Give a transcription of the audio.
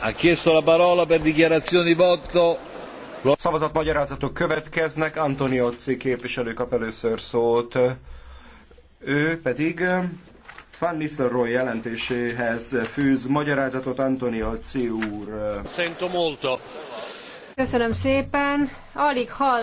Ha chiesto Szavazatmagyarázatok következnek. Antonio C. képviselő kap először szót. Ő pedig Van Nistelrooy jelentéséhez fűz magyarázatot Antonio C. úr. Köszönöm szépen. Alig hall